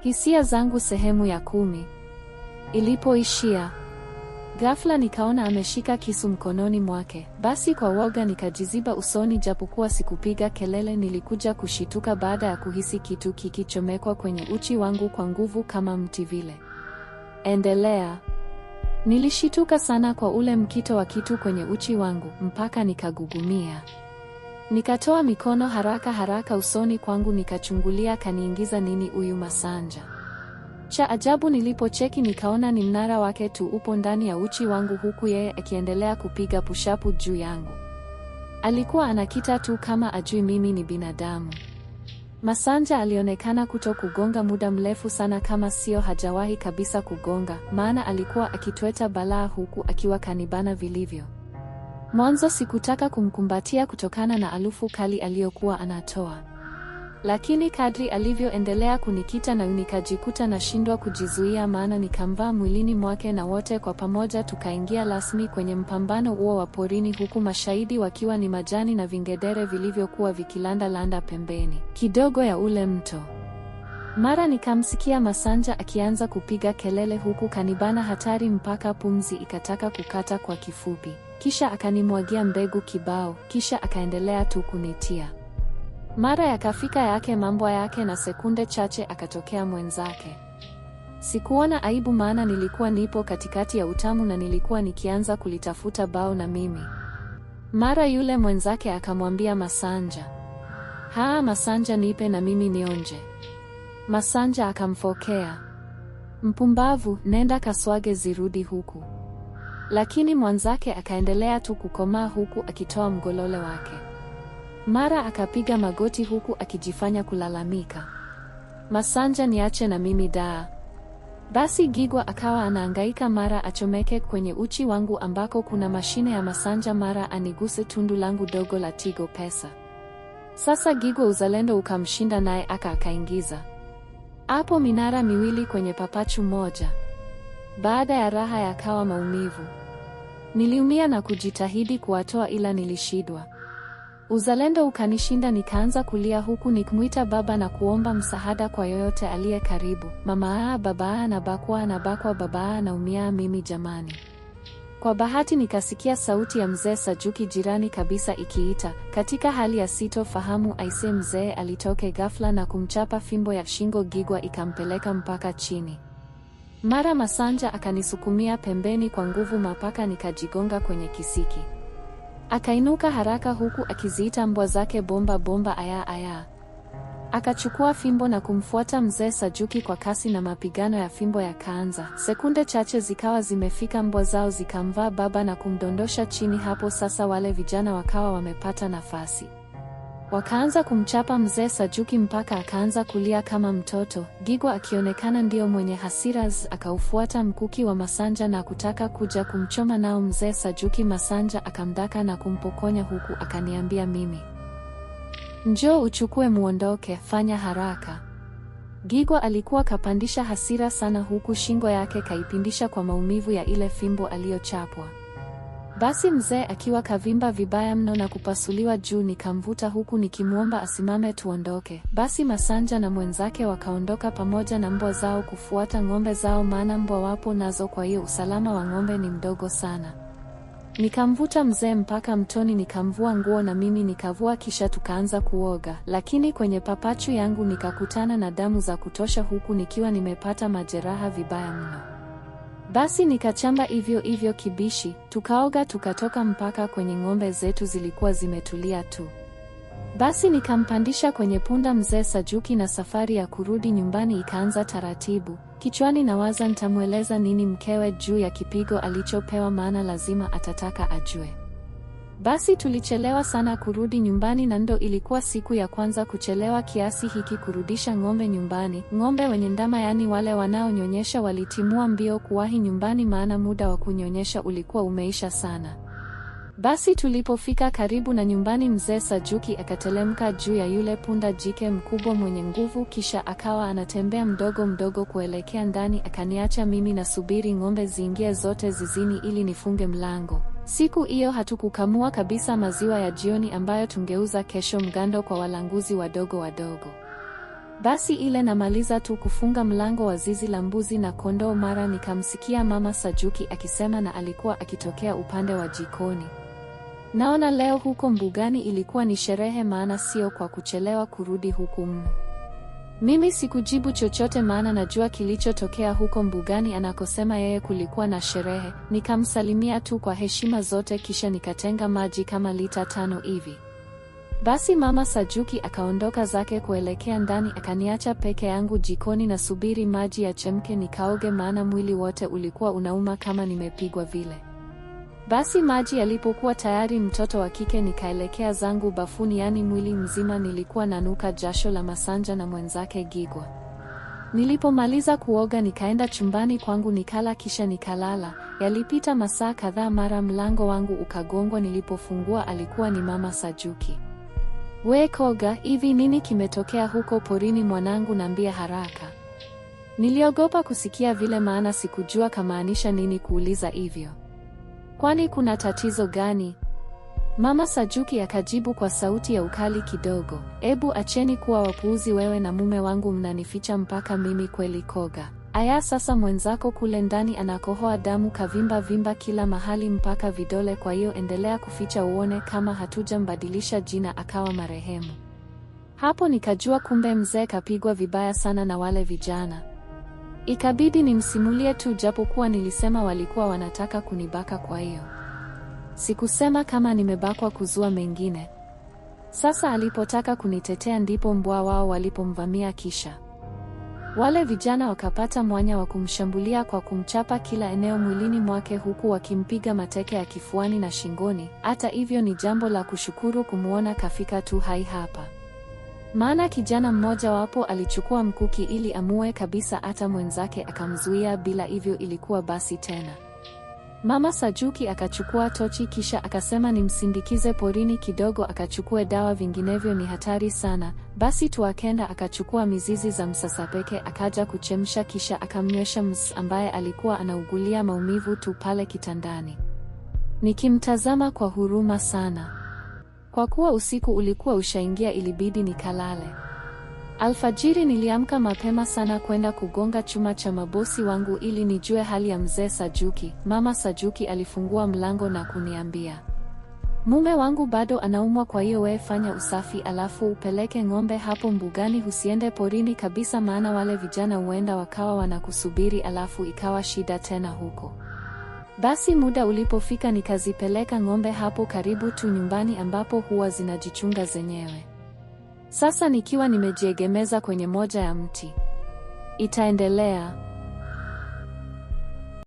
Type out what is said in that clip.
Hisia zangu sehemu ya kumi. Ilipoishia ghafla, nikaona ameshika kisu mkononi mwake. Basi kwa woga nikajiziba usoni, japokuwa sikupiga kelele. Nilikuja kushituka baada ya kuhisi kitu kikichomekwa kwenye uchi wangu kwa nguvu kama mti vile. Endelea. Nilishituka sana kwa ule mkito wa kitu kwenye uchi wangu mpaka nikagugumia. Nikatoa mikono haraka haraka usoni kwangu nikachungulia kaniingiza nini huyu Masanja. Cha ajabu nilipocheki nikaona ni mnara wake tu upo ndani ya uchi wangu huku yeye akiendelea kupiga pushapu juu yangu. Alikuwa anakita tu kama ajui mimi ni binadamu. Masanja alionekana kuto kugonga muda mrefu sana kama sio hajawahi kabisa kugonga, maana alikuwa akitweta balaa huku akiwa kanibana vilivyo. Mwanzo sikutaka kumkumbatia kutokana na harufu kali aliyokuwa anatoa, lakini kadri alivyoendelea kunikita na nikajikuta nashindwa kujizuia, maana nikamvaa mwilini mwake, na wote kwa pamoja tukaingia rasmi kwenye mpambano huo wa porini, huku mashahidi wakiwa ni majani na vingedere vilivyokuwa vikilandalanda pembeni kidogo ya ule mto. Mara nikamsikia Masanja akianza kupiga kelele huku kanibana hatari mpaka pumzi ikataka kukata kwa kifupi. Kisha akanimwagia mbegu kibao, kisha akaendelea tu kunitia. Mara yakafika yake mambo yake na sekunde chache akatokea mwenzake. Sikuona aibu maana nilikuwa nipo katikati ya utamu na nilikuwa nikianza kulitafuta bao na mimi. Mara yule mwenzake akamwambia Masanja, "Ha, Masanja nipe na mimi nionje." Masanja akamfokea, mpumbavu, nenda kaswage zirudi huku. Lakini mwanzake akaendelea tu kukomaa huku akitoa mgolole wake. Mara akapiga magoti huku akijifanya kulalamika, Masanja niache na mimi daa. Basi Gigwa akawa anaangaika, mara achomeke kwenye uchi wangu ambako kuna mashine ya Masanja, mara aniguse tundu langu dogo la Tigo Pesa. Sasa Gigwa uzalendo ukamshinda naye aka akaingiza hapo minara miwili kwenye papachu moja. Baada ya raha yakawa maumivu. Niliumia na kujitahidi kuwatoa ila nilishidwa Uzalendo ukanishinda nikaanza kulia huku nikimwita baba na kuomba msaada kwa yoyote aliye karibu. Mama aa, baba bakwa na bakwa baba na umia mimi jamani. Kwa bahati nikasikia sauti ya mzee Sajuki jirani kabisa ikiita. Katika hali ya sitofahamu aise, mzee alitoke ghafla na kumchapa fimbo ya shingo gigwa ikampeleka mpaka chini. Mara Masanja akanisukumia pembeni kwa nguvu mapaka nikajigonga kwenye kisiki. Akainuka haraka huku akiziita mbwa zake bomba bomba, aya aya. Akachukua fimbo na kumfuata mzee Sajuki kwa kasi na mapigano ya fimbo yakaanza. Sekunde chache zikawa zimefika, mbwa zao zikamvaa baba na kumdondosha chini. Hapo sasa wale vijana wakawa wamepata nafasi. Wakaanza kumchapa mzee Sajuki mpaka akaanza kulia kama mtoto. Gigwa akionekana ndiyo mwenye hasira, akaufuata mkuki wa Masanja na kutaka kuja kumchoma nao mzee Sajuki. Masanja akamdaka na kumpokonya huku akaniambia mimi Njoo uchukue muondoke, fanya haraka. Gigwa alikuwa kapandisha hasira sana huku shingo yake kaipindisha kwa maumivu ya ile fimbo aliyochapwa. Basi mzee akiwa kavimba vibaya mno na kupasuliwa juu nikamvuta huku nikimwomba asimame tuondoke. Basi Masanja na mwenzake wakaondoka pamoja na mbwa zao kufuata ng'ombe zao maana mbwa wapo nazo kwa hiyo usalama wa ng'ombe ni mdogo sana. Nikamvuta mzee mpaka mtoni, nikamvua nguo na mimi nikavua, kisha tukaanza kuoga, lakini kwenye papachu yangu nikakutana na damu za kutosha, huku nikiwa nimepata majeraha vibaya mno. Basi nikachamba hivyo hivyo kibishi, tukaoga tukatoka mpaka kwenye ng'ombe zetu zilikuwa zimetulia tu. Basi nikampandisha kwenye punda mzee Sajuki na safari ya kurudi nyumbani ikaanza taratibu. Kichwani nawaza nitamweleza nini mkewe juu ya kipigo alichopewa maana lazima atataka ajue. Basi tulichelewa sana kurudi nyumbani na ndo ilikuwa siku ya kwanza kuchelewa kiasi hiki kurudisha ng'ombe nyumbani. Ng'ombe wenye ndama yaani wale wanaonyonyesha walitimua mbio kuwahi nyumbani maana muda wa kunyonyesha ulikuwa umeisha sana. Basi tulipofika karibu na nyumbani, mzee Sajuki akatelemka juu ya yule punda jike mkubwa mwenye nguvu, kisha akawa anatembea mdogo mdogo kuelekea ndani, akaniacha mimi nasubiri ng'ombe ziingie zote zizini ili nifunge mlango. Siku hiyo hatukukamua kabisa maziwa ya jioni ambayo tungeuza kesho mgando kwa walanguzi wadogo wadogo. Basi ile namaliza tu kufunga mlango wa zizi la mbuzi na kondoo, mara nikamsikia mama Sajuki akisema, na alikuwa akitokea upande wa jikoni. Naona leo huko mbugani ilikuwa ni sherehe, maana sio kwa kuchelewa kurudi huku mno. Mimi sikujibu chochote, maana najua kilichotokea huko mbugani anakosema yeye. Kulikuwa na sherehe, nikamsalimia tu kwa heshima zote, kisha nikatenga maji kama lita tano hivi. Basi mama Sajuki akaondoka zake kuelekea ndani, akaniacha peke yangu jikoni na subiri maji yachemke nikaoge, maana mwili wote ulikuwa unauma kama nimepigwa vile. Basi maji yalipokuwa tayari, mtoto wa kike nikaelekea zangu bafuni, yaani mwili mzima nilikuwa nanuka jasho la Masanja na mwenzake Gigwa. Nilipomaliza kuoga nikaenda chumbani kwangu nikala kisha nikalala. Yalipita masaa kadhaa, mara mlango wangu ukagongwa. Nilipofungua alikuwa ni mama Sajuki. We Koga, hivi nini kimetokea huko porini mwanangu? Naambia haraka. Niliogopa kusikia vile, maana sikujua kamaanisha nini kuuliza hivyo. Kwani kuna tatizo gani? Mama Sajuki akajibu kwa sauti ya ukali kidogo, ebu acheni kuwa wapuuzi, wewe na mume wangu mnanificha mpaka mimi kweli koga. Aya, sasa mwenzako kule ndani anakohoa damu kavimba vimba kila mahali mpaka vidole, kwa hiyo endelea kuficha uone kama hatujambadilisha jina akawa marehemu. Hapo nikajua kumbe mzee kapigwa vibaya sana na wale vijana. Ikabidi nimsimulie tu japokuwa nilisema walikuwa wanataka kunibaka kwa hiyo. Sikusema kama nimebakwa kuzua mengine. Sasa alipotaka kunitetea ndipo mbwa wao walipomvamia kisha. Wale vijana wakapata mwanya wa kumshambulia kwa kumchapa kila eneo mwilini mwake huku wakimpiga mateke ya kifuani na shingoni. Hata hivyo ni jambo la kushukuru kumwona kafika tu hai hapa. Maana kijana mmoja wapo alichukua mkuki ili amue kabisa, hata mwenzake akamzuia, bila hivyo ilikuwa basi tena. Mama Sajuki akachukua tochi kisha akasema nimsindikize porini kidogo akachukue dawa vinginevyo ni hatari sana. Basi tuakenda akachukua mizizi za msasapeke akaja kuchemsha kisha akamnywesha Ms ambaye alikuwa anaugulia maumivu tu pale kitandani. Nikimtazama kwa huruma sana. Kwa kuwa usiku ulikuwa ushaingia, ilibidi nikalale. Alfajiri niliamka mapema sana kwenda kugonga chuma cha mabosi wangu ili nijue hali ya mzee Sajuki. Mama Sajuki alifungua mlango na kuniambia, mume wangu bado anaumwa, kwa hiyo wewe fanya usafi alafu upeleke ng'ombe hapo mbugani, husiende porini kabisa, maana wale vijana huenda wakawa wanakusubiri, alafu ikawa shida tena huko. Basi muda ulipofika nikazipeleka ng'ombe hapo karibu tu nyumbani ambapo huwa zinajichunga zenyewe. Sasa nikiwa nimejiegemeza kwenye moja ya mti. Itaendelea.